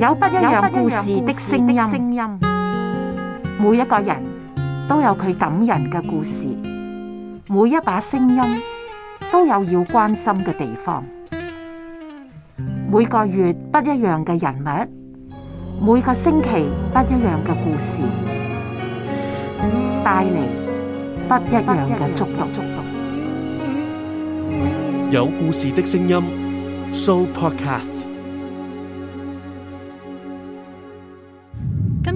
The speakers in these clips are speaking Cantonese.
有不一樣故事的聲音，每一個人都有佢感人嘅故事，每一把聲音都有要關心嘅地方。每個月不一樣嘅人物，每個星期不一樣嘅故事，帶嚟不一樣嘅觸動，觸動。有故事的聲音，Show Podcast。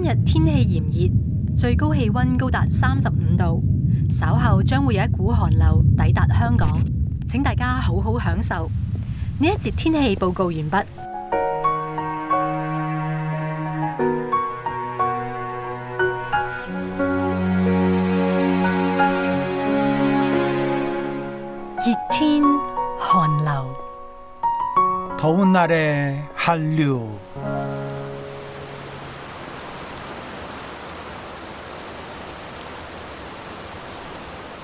今日天氣炎熱，最高氣溫高達三十五度。稍後將會有一股寒流抵達香港，請大家好好享受。呢一節天氣報告完畢。熱天寒流。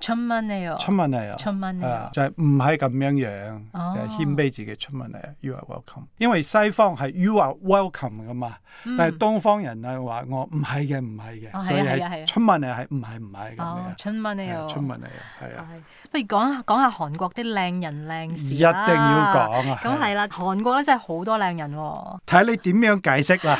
春問嚟啊！春問嚟啊！春問嚟啊！就係唔係咁樣樣？謙卑自己春問嚟啊！You are welcome。因為西方係 You are welcome 噶嘛，但係東方人係話我唔係嘅，唔係嘅，所以係春問嚟係唔係唔係嘅。春問嚟啊！春問嚟啊！不如講下講下韓國啲靚人靚事。一定要講啊！咁係啦，韓國咧真係好多靚人喎。睇你點樣解釋啦？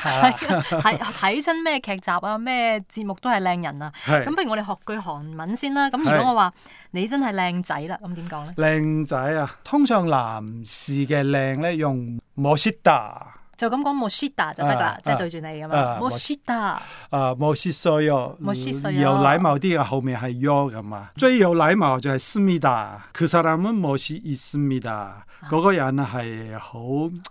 睇親咩劇集啊？咩節目都係靚人啊！咁不如我哋學句韓文先啦。咁如果我話你真係靚仔啦，咁點講咧？靚仔啊，通常男士嘅靚咧用 mosita 就咁講 mosita、啊、就得噶啦，即係對住你噶嘛。mosita，啊 mosito、啊、mosito、啊呃、有禮貌啲嘅後面係 your 噶嘛，最有禮貌就係 smita、um。佢사람은모시있습니다，嗰個人呢係好，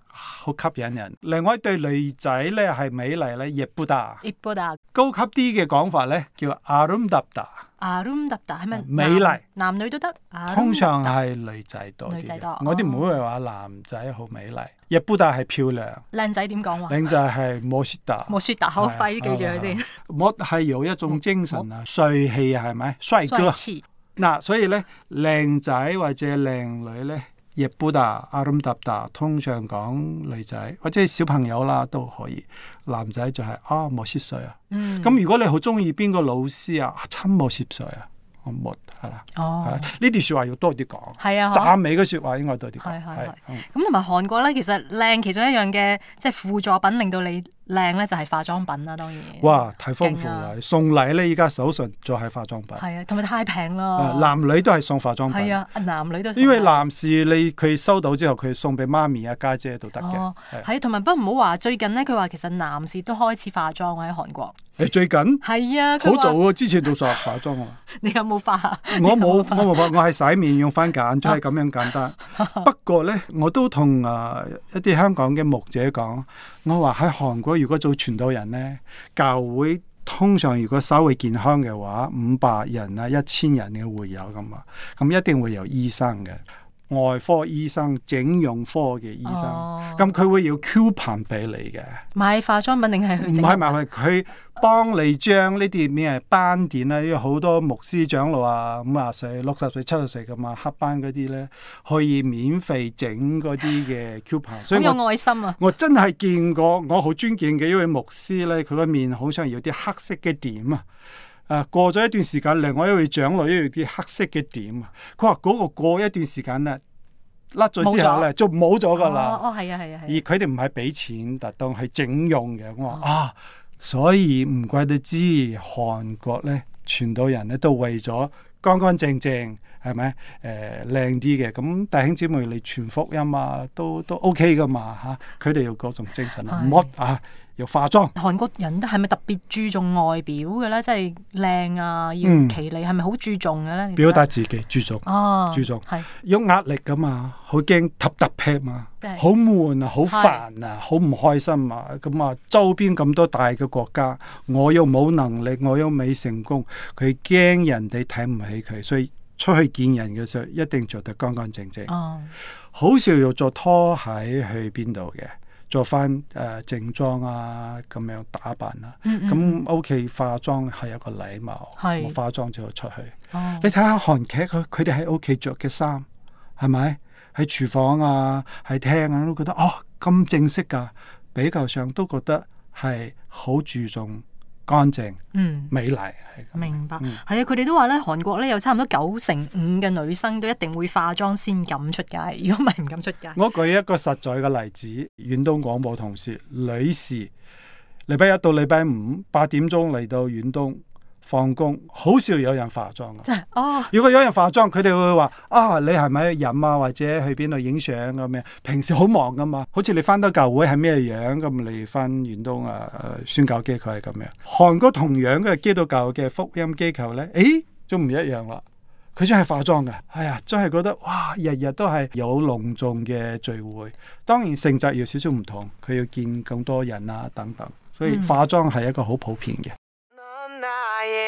好吸引人。另外一對女仔咧係美麗咧，eboda，eboda，高級啲嘅講法咧叫 arumdapda 啊！room 特特係咪？美麗，男女都得。通常係女仔多啲，我啲唔會話男仔好美麗，亦都但係漂亮。靚仔點講話？靚仔係莫雪達，莫雪達好快啲記住佢先。我係有一種精神啊，帥氣係咪？帥哥。嗱，所以咧，靚仔或者靚女咧。葉布拉、阿魯達達，通常講女仔或者小朋友啦都可以，男仔就係啊莫涉水啊。咁、啊嗯、如果你好中意邊個老師啊，親莫涉水啊，我冇係啦。啊、哦。呢啲説話要多啲講。係啊。讚美嘅説話應該多啲講。係係咁，同埋韓國咧，其實靚其中一樣嘅即係輔助品，令到你。靚咧就係化妝品啦，當然。哇，太豐富啦！送禮咧，依家手信就係化妝品。係啊，同埋太平咯。男女都係送化妝品。係啊，男女都。因為男士你佢收到之後佢送俾媽咪啊家姐、都得嘅。哦，係，同埋不過唔好話最近咧，佢話其實男士都開始化妝喎喺韓國。誒，最近？係啊，好早啊！之前都學化妝喎。你有冇化？我冇，我冇化，我係洗面用番梘，就係咁樣簡單。不過咧，我都同啊一啲香港嘅牧者講。我話喺韓國，如果做傳道人呢，教會通常如果稍微健康嘅話，五百人啊、一千人嘅會有㗎嘛，咁一定會有醫生嘅。外科醫生、整容科嘅醫生，咁佢、哦、會要 coupon 俾你嘅，買化妝品定係？買買佢，佢幫你將呢啲咩斑點咧，因為好多牧師長老啊，五呀歲、六十歲、七十歲咁啊，黑斑嗰啲咧，可以免費整嗰啲嘅 coupon，所以好有愛心啊！我真係見過，我好尊敬嘅一位牧師咧，佢個面好似有啲黑色嘅點啊。誒過咗一段時間，另外一類長落一類啲黑色嘅點，佢話嗰個過一段時間咧甩咗之後咧了就冇咗噶啦，哦係啊係啊，啊啊而佢哋唔係俾錢，特登係整容嘅，我話、哦、啊，所以唔怪得之，韓國咧，全島人咧都為咗乾乾淨淨。係咪？誒靚啲嘅咁，弟兄姊妹嚟傳福音啊，都都 OK 噶嘛嚇！佢哋又各種精神，唔是啊，又、啊、化妝。韓國人都係咪特別注重外表嘅咧？即係靚啊，要其麗，係咪好注重嘅咧？表達自己注重啊，注重係有壓力噶嘛，好驚塌塌劈嘛，就是、好悶啊，好煩啊，是好唔開心啊！咁、嗯、啊，周邊咁多大嘅國家，我又冇能力，我又未成功，佢驚人哋睇唔起佢，所以。所以所以所以出去見人嘅時候，一定着得乾乾淨淨。哦，oh. 好少要着拖鞋去邊度嘅，着翻誒正裝啊，咁樣打扮啦、啊。咁屋、mm hmm. 企化妝係有個禮貌，是我化妝之後出去。Oh. 你睇下韓劇佢佢哋喺屋企着嘅衫，係咪喺廚房啊喺廳啊都覺得哦咁正式㗎、啊，比較上都覺得係好注重。乾淨，乾淨，嗯，美麗，係明白，係啊、嗯，佢哋都話咧，韓國咧有差唔多九成五嘅女生都一定會化妝先敢出街，如果唔係唔敢出街。我舉一個實在嘅例子，遠東廣播同事女士，禮拜一到禮拜五八點鐘嚟到遠東。放工好少有人化妝嘅，哦！如果有人化妝，佢哋會話：啊，你係咪飲啊，或者去邊度影相咁樣？平時好忙噶嘛，好似你翻到教會係咩樣咁？咁你翻元東啊、呃，宣教機構係咁樣。韓國同樣嘅基督教嘅福音機構呢，誒、欸，都唔一樣啦。佢真係化妝嘅，係、哎、呀，真、就、係、是、覺得哇！日日都係有隆重嘅聚會，當然性質要少少唔同，佢要見更多人啊等等。所以化妝係一個好普遍嘅。嗯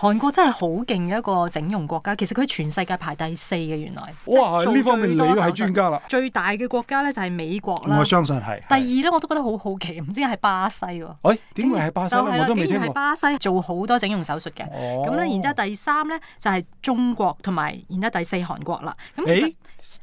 韓國真係好勁嘅一個整容國家，其實佢全世界排第四嘅原來。哇，喺呢方面你係專家啦。最大嘅國家咧就係、是、美國啦。我相信係。第二咧的我都覺得好好奇，唔知係巴西喎、啊。誒、哎，點會係巴西咧？就啊、我都未聽過，竟然係巴西做好多整容手術嘅。咁咧、哦，然之後第三咧就係、是、中國，同埋然之後第四韓國啦。咁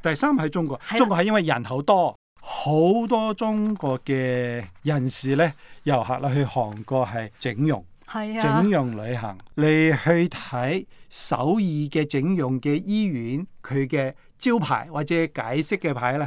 第三係中國，中國係因為人口多，好的多中國嘅人士咧、遊客啦去韓國係整容。係啊、整容旅行嚟去睇首爾嘅整容嘅醫院，佢嘅招牌或者解釋嘅牌咧，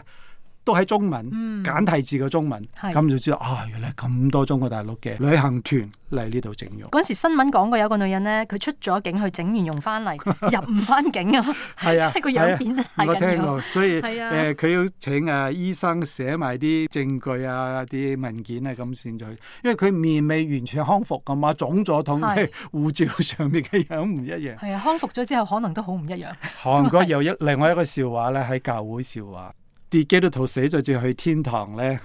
都喺中文，嗯，簡體字嘅中文，咁是就知道啊！原來咁多中國大陸嘅旅行團嚟呢度整容。嗰時新聞講過，有個女人咧，佢出咗境去整完容翻嚟，入唔翻境啊！係 啊，個 樣變得太緊要。我聽過，所以誒、佢、啊呃，要請啊醫生寫埋啲證據啊，啲文件啊，咁先再，因為佢面未完全康復噶嘛，腫咗同，護照上面嘅樣唔一樣。係啊，康復咗之後，可能都好唔一樣。韓 國又一另外一個笑話咧，喺教會笑話。啲基督徒死咗至去天堂咧，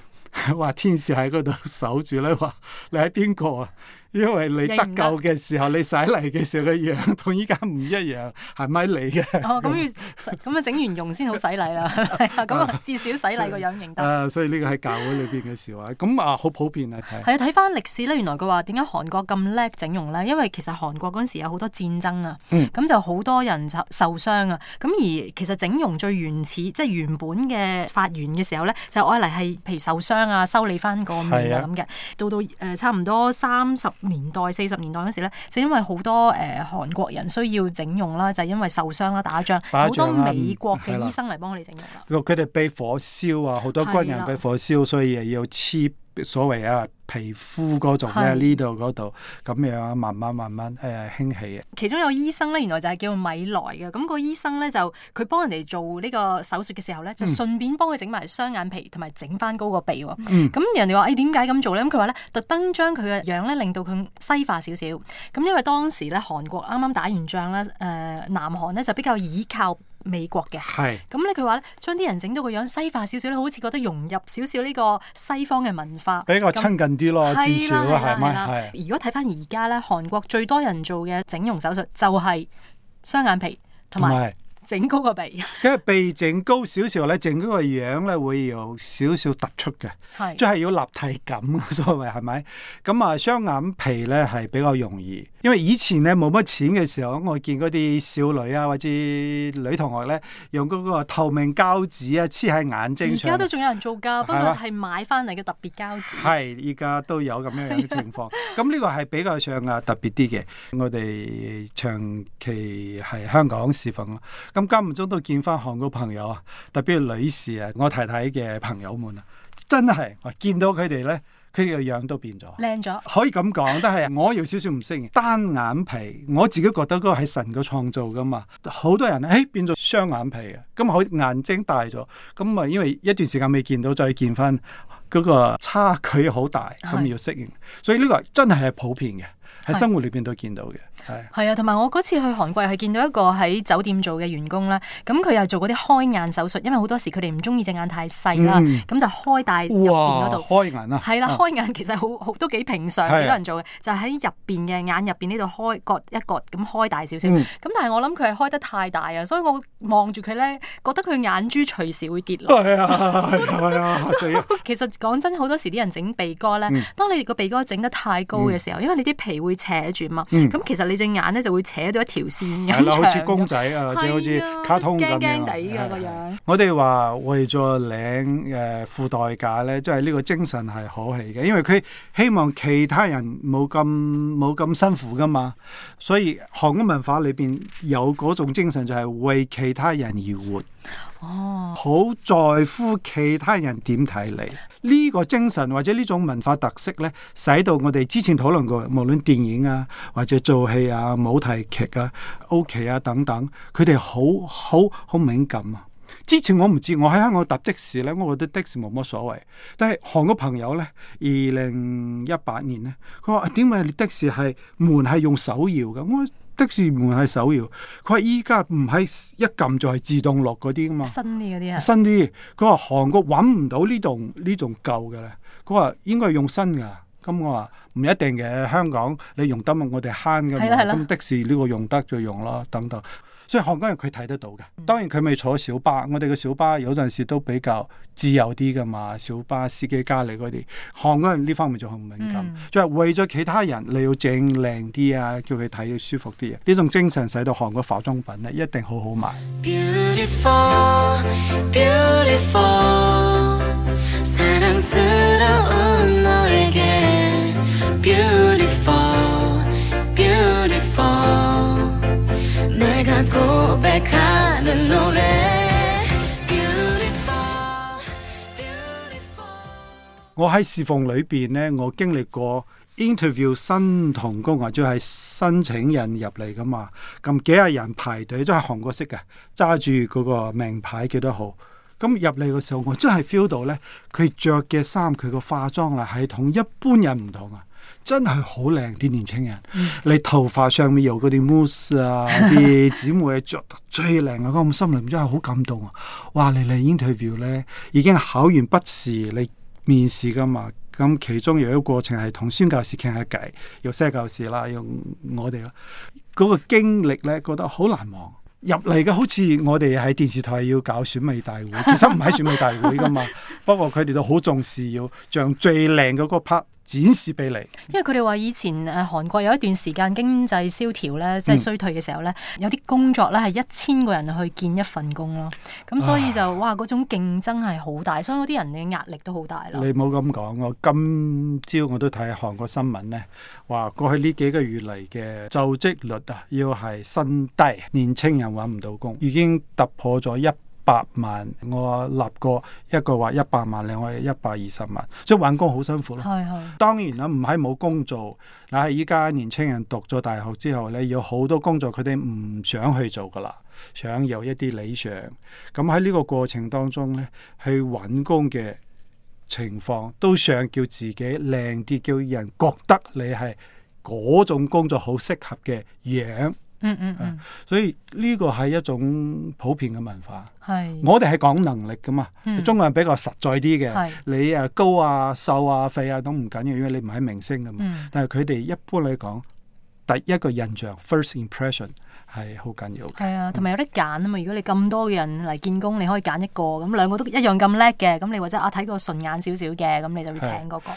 話天使喺嗰度守住咧，話你係邊個啊？因為你得救嘅時候，你洗禮嘅時候嘅樣同依家唔一樣，係咪你嘅？哦，咁要咁 樣整完容先好洗禮啦，咁 啊、嗯 嗯、至少洗禮個樣認得。所以呢、啊、個喺教會裏邊嘅事啊，咁啊好普遍啊。係啊，睇翻歷史咧，原來佢話點解韓國咁叻整容咧？因為其實韓國嗰陣時有好多戰爭啊，咁、嗯、就好多人受傷啊。咁而其實整容最原始即係原本嘅發源嘅時候咧，就愛嚟係譬如受傷啊，修理翻個面啊咁嘅。到到誒差唔多三十年代四十年代嗰時咧，就因為好多誒、呃、韓國人需要整容啦，就是、因為受傷啦、打仗，好仗多美國嘅醫生嚟幫我哋整容，佢哋、啊嗯、被火燒啊，好多軍人被火燒，了所以又要切。所謂啊皮膚嗰種咧，呢度嗰度咁樣啊，慢慢慢慢誒、呃、興起嘅。其中有醫生咧，原來就係叫米萊嘅。咁、個醫生咧就佢幫人哋做呢個手術嘅時候咧，就順便幫佢整埋雙眼皮，同埋整翻高個鼻、哦。咁、嗯、人哋話誒點解咁做咧？咁佢話咧特登將佢嘅樣咧，令到佢西化少少。咁因為當時咧韓國啱啱打完仗啦，誒、呃、南韓咧就比較倚靠。美國嘅，咁咧佢話咧，將啲人整到個樣西化少少咧，好似覺得融入少少呢個西方嘅文化，比較親近啲咯，那啊、至少啊，如果睇返而家咧，韓國最多人做嘅整容手術就係雙眼皮同埋，整高個鼻，因為鼻整高少少咧，整嗰個樣咧會有少少突出嘅，即係要立體感所謂，所謂係咪？咁啊，雙眼皮咧係比較容易，因為以前咧冇乜錢嘅時候，我見嗰啲少女啊或者女同學咧用嗰個透明膠紙啊黐喺眼睛上，而家都仲有人做㗎，不過係買翻嚟嘅特別膠紙。係，啊，依家 都有咁樣樣嘅情況。咁呢 個係比較上啊特別啲嘅，我哋長期喺香港示範。咁間唔中都見翻韓國朋友啊，特別係女士啊，我太太嘅朋友們啊，真係我見到佢哋呢，佢哋嘅樣都變咗，靚咗，可以咁講。但係我有少少唔適應，單眼皮，我自己覺得嗰個係神嘅創造㗎嘛。好多人誒、哎、變咗雙眼皮啊，咁好眼睛大咗，咁啊因為一段時間未見到，再見翻嗰個差距好大，咁要適應。是所以呢個真係係普遍嘅。喺生活裏邊都見到嘅，係啊，同埋我嗰次去韓國又係見到一個喺酒店做嘅員工啦。咁佢又做嗰啲開眼手術，因為好多時佢哋唔中意隻眼太細啦，咁就開大入邊嗰度開眼啦。係啦，開眼其實好都幾平常，幾多人做嘅，就喺入邊嘅眼入邊呢度開割一割咁開大少少。咁但係我諗佢係開得太大啊，所以我望住佢咧，覺得佢眼珠隨時會跌落。其實講真，好多時啲人整鼻哥咧，當你個鼻哥整得太高嘅時候，因為你啲皮會扯住嘛，咁、嗯、其實你隻眼咧就會扯到一條線咁長嘅，好似公仔啊，即係好似卡通咁的樣。驚驚地啊個樣！我哋話為咗領誒付代價咧，即係呢個精神係可喜嘅，因為佢希望其他人冇咁冇咁辛苦噶嘛。所以韓國文化裏邊有嗰種精神，就係為其他人而活。哦，好在乎其他人點睇你。呢個精神或者呢種文化特色呢，使到我哋之前討論過，無論電影啊，或者做戲啊、舞台劇啊、OK 啊等等，佢哋好好好敏感啊。之前我唔知，我喺香港搭的士呢，我覺得的士冇乜所謂。但係韓國朋友呢，二零一八年呢，佢話點解的士係門係用手搖嘅？我。的士門係手搖，佢話依家唔係一撳就係自動落嗰啲啊嘛，新啲啲啊，新啲。佢話韓國揾唔到呢棟呢棟舊嘅咧，佢話應該係用新噶。咁我話唔一定嘅，香港你用得嘛，我哋慳嘅，咁的，的、嗯、的士呢個用得就用咯，等等。所以韓國人佢睇得到嘅，當然佢咪坐小巴。我哋嘅小巴有陣時都比較自由啲嘅嘛，小巴司機加你嗰啲。韓國人呢方面就係唔敏感，就係、嗯、為咗其他人你要整靚啲啊，叫佢睇要舒服啲啊。呢種精神使到韓國化妝品咧，一定好好賣。Beautiful, beautiful, 我喺侍奉裏邊呢，我經歷過 interview 新同工或者係申請人入嚟噶嘛，咁幾廿人排隊都係韓國式嘅，揸住嗰個名牌幾多號，咁入嚟嘅時候，我真係 feel 到呢，佢着嘅衫，佢個化妝啊，係同一般人唔同啊。真係好靚啲，年輕人，嗯、你頭髮上面有嗰啲 mousse 啊，啲姊妹着得最靚啊！咁、那個、心靈真係好感動啊！哇，你嚟 interview 咧，已經考完筆試，你面試噶嘛。咁其中有一個過程係同孫教師傾下偈，有西教師啦，有我哋咯。嗰、那個經歷咧，覺得好難忘。入嚟嘅好似我哋喺電視台要搞選美大會，其實唔係選美大會噶嘛。 不過佢哋都好重視，要上最靚嗰個 part。展示俾你，因為佢哋話以前誒韓國有一段時間經濟蕭條咧，即係衰退嘅時候咧，嗯、有啲工作咧係一千個人去見一份工咯，咁所以就唉哇嗰種競爭係好大，所以嗰啲人嘅壓力都好大啦。你唔好咁講，我今朝我都睇韓國新聞咧，話過去呢幾個月嚟嘅就職率啊，要係新低，年青人揾唔到工，已經突破咗一百萬，我立過一個話一百萬，另外一百二十萬，即係揾工好辛苦咯。係是當然啦，唔係冇工做。嗱，係依家年青人讀咗大學之後呢，有好多工作佢哋唔想去做噶啦，想有一啲理想。咁喺呢個過程當中呢，去揾工嘅情況都想叫自己靚啲，叫人覺得你係嗰種工作好適合嘅樣。嗯嗯嗯，所以呢個係一種普遍嘅文化。係是，我哋係講能力噶嘛。嗯、中國人比較實在啲嘅。是你啊高啊瘦啊肥啊都唔緊要，因為你唔係明星噶嘛。嗯、但係佢哋一般嚟講，第一個印象 （first impression） 係好緊要嘅。係啊，同埋、嗯、有得揀啊嘛。如果你咁多個人嚟見工，你可以揀一個咁兩個都一樣咁叻嘅，咁你或者啊睇個順眼少少嘅，咁你就要請嗰個的。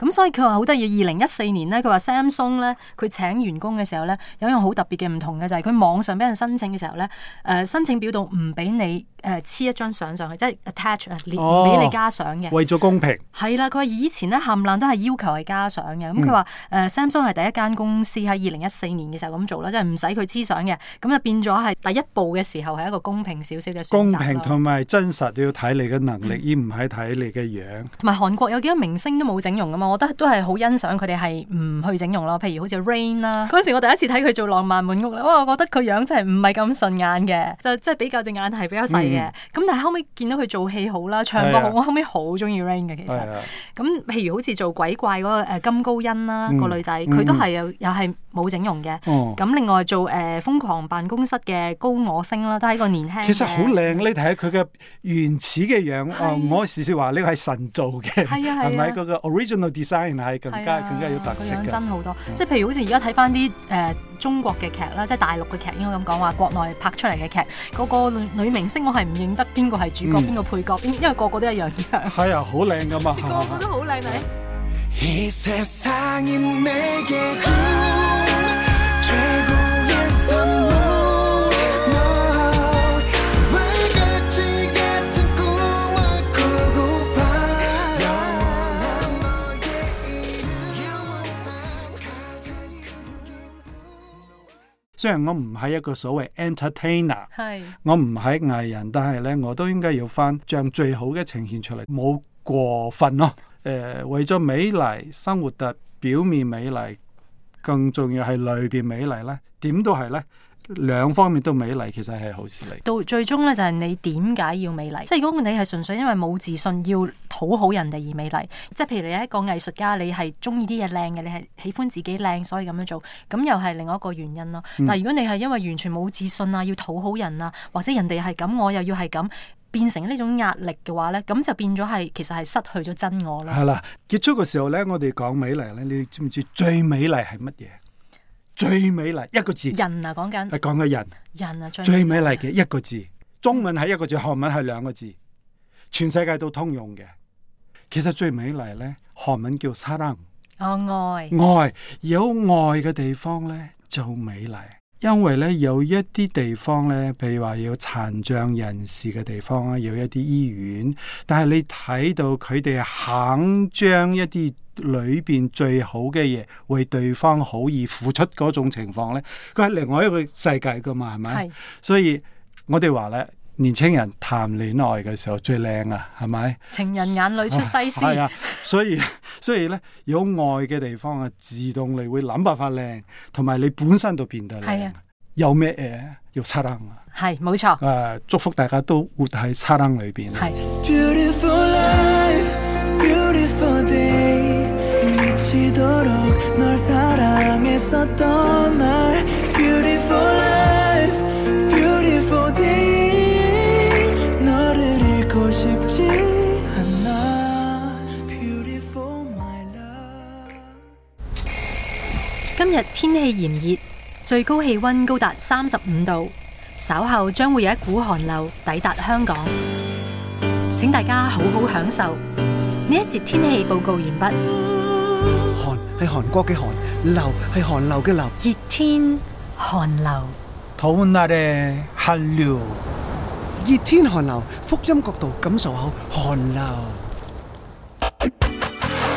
咁、嗯、所以佢話好得意，二零一四年咧，佢話 Samsung 咧，佢請員工嘅時候咧，有一樣好特別嘅唔同嘅就係、是、佢網上俾人申請嘅時候咧，誒、呃、申請表到唔俾你誒黐、呃、一張相上去，即係 attach 唔俾、哦、你加相嘅，為咗公平。係啦，佢話以前咧冚唪唥都係要求係加相嘅，咁、嗯、佢話誒 Samsung、嗯、係第一間公司喺二零一四年嘅時候咁做啦，即係唔使佢黐相嘅，咁就變咗係第一步嘅時候係一個公平少少嘅選擇。公平同埋真實要睇你嘅能力，而唔係睇你嘅樣。同埋韓國有幾多明星都冇整容嘅嘛？我覺得都係好欣賞佢哋係唔去整容咯，譬如好似 Rain 啦，嗰時我第一次睇佢做浪漫滿屋咧，哇！我覺得佢樣真係唔係咁順眼嘅，就即係比較隻眼係比較細嘅。咁但係後尾見到佢做戲好啦，唱歌好，我後尾好中意 Rain 嘅其實。咁譬如好似做鬼怪嗰個金高恩啦個女仔，佢都係又又係冇整容嘅。咁另外做誒瘋狂辦公室嘅高我星啦，都係一個年輕。其實好靚，你睇佢嘅原始嘅樣。我時時話呢個係神造嘅，係咪嗰個 original？design 係更加、啊、更加有特色嘅，真好多。嗯、即係譬如好似而家睇翻啲誒中國嘅劇啦，即係大陸嘅劇，應該咁講話國內拍出嚟嘅劇，個個女女明星我係唔認得邊個係主角邊、嗯、個配角，因為個個都一樣嘅。係啊，好靚㗎嘛， 個個都好靚女。 雖然我唔係一個所謂 entertainer，是我唔係藝人，但係咧我都應該要翻將最好嘅呈現出嚟，冇過分咯。誒、呃，為咗美麗，生活嘅表面美麗，更重要係裏邊美麗咧，點都係咧。兩方面都美麗，其實係好事嚟。到最終咧，就係、係、你點解要美麗？即係如果你係純粹因為冇自信，要討好人哋而美麗，即係譬如你係一個藝術家，你係中意啲嘢靚嘅，你係喜歡自己靚，所以咁樣做，咁又係另外一個原因咯。嗯、但係如果你係因為完全冇自信啊，要討好人啊，或者人哋係咁，我又要係咁，變成呢種壓力嘅話咧，咁就變咗係其實係失去咗真我啦。係啦，結束嘅時候咧，我哋講美麗咧，你知唔知最美麗係乜嘢？最美麗一個字，人啊，講緊，係講緊人，人啊最，最美麗嘅一個字，中文係一個字，韓文係兩個字，全世界都通用嘅。其實最美麗咧，韓文叫사랑，哦，愛，愛有愛嘅地方咧就美麗。因為咧有一啲地方咧，譬如話有殘障人士嘅地方咧，有一啲醫院，但係你睇到佢哋肯將一啲裏邊最好嘅嘢為對方好而付出嗰種情況咧，佢係另外一個世界㗎嘛，係咪？是所以我哋話咧。年青人談戀愛嘅時候最靚啊，係咪？情人眼裏出西施，係啊，所以所以咧有愛嘅地方啊，自動你會諗辦法靚，同埋你本身就變得靚。係啊，有咩嘢要燦爛啊？係冇錯。誒，祝福大家都活喺燦爛裏邊。天氣炎熱，最高氣溫高達三十五度。稍後將會有一股寒流抵達香港，請大家好好享受呢一節天氣報告完畢。寒係韓國嘅寒，流係寒流嘅流，熱天寒流。熱天寒流，熱天寒流，福音角度感受下寒流。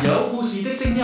有故事的聲音。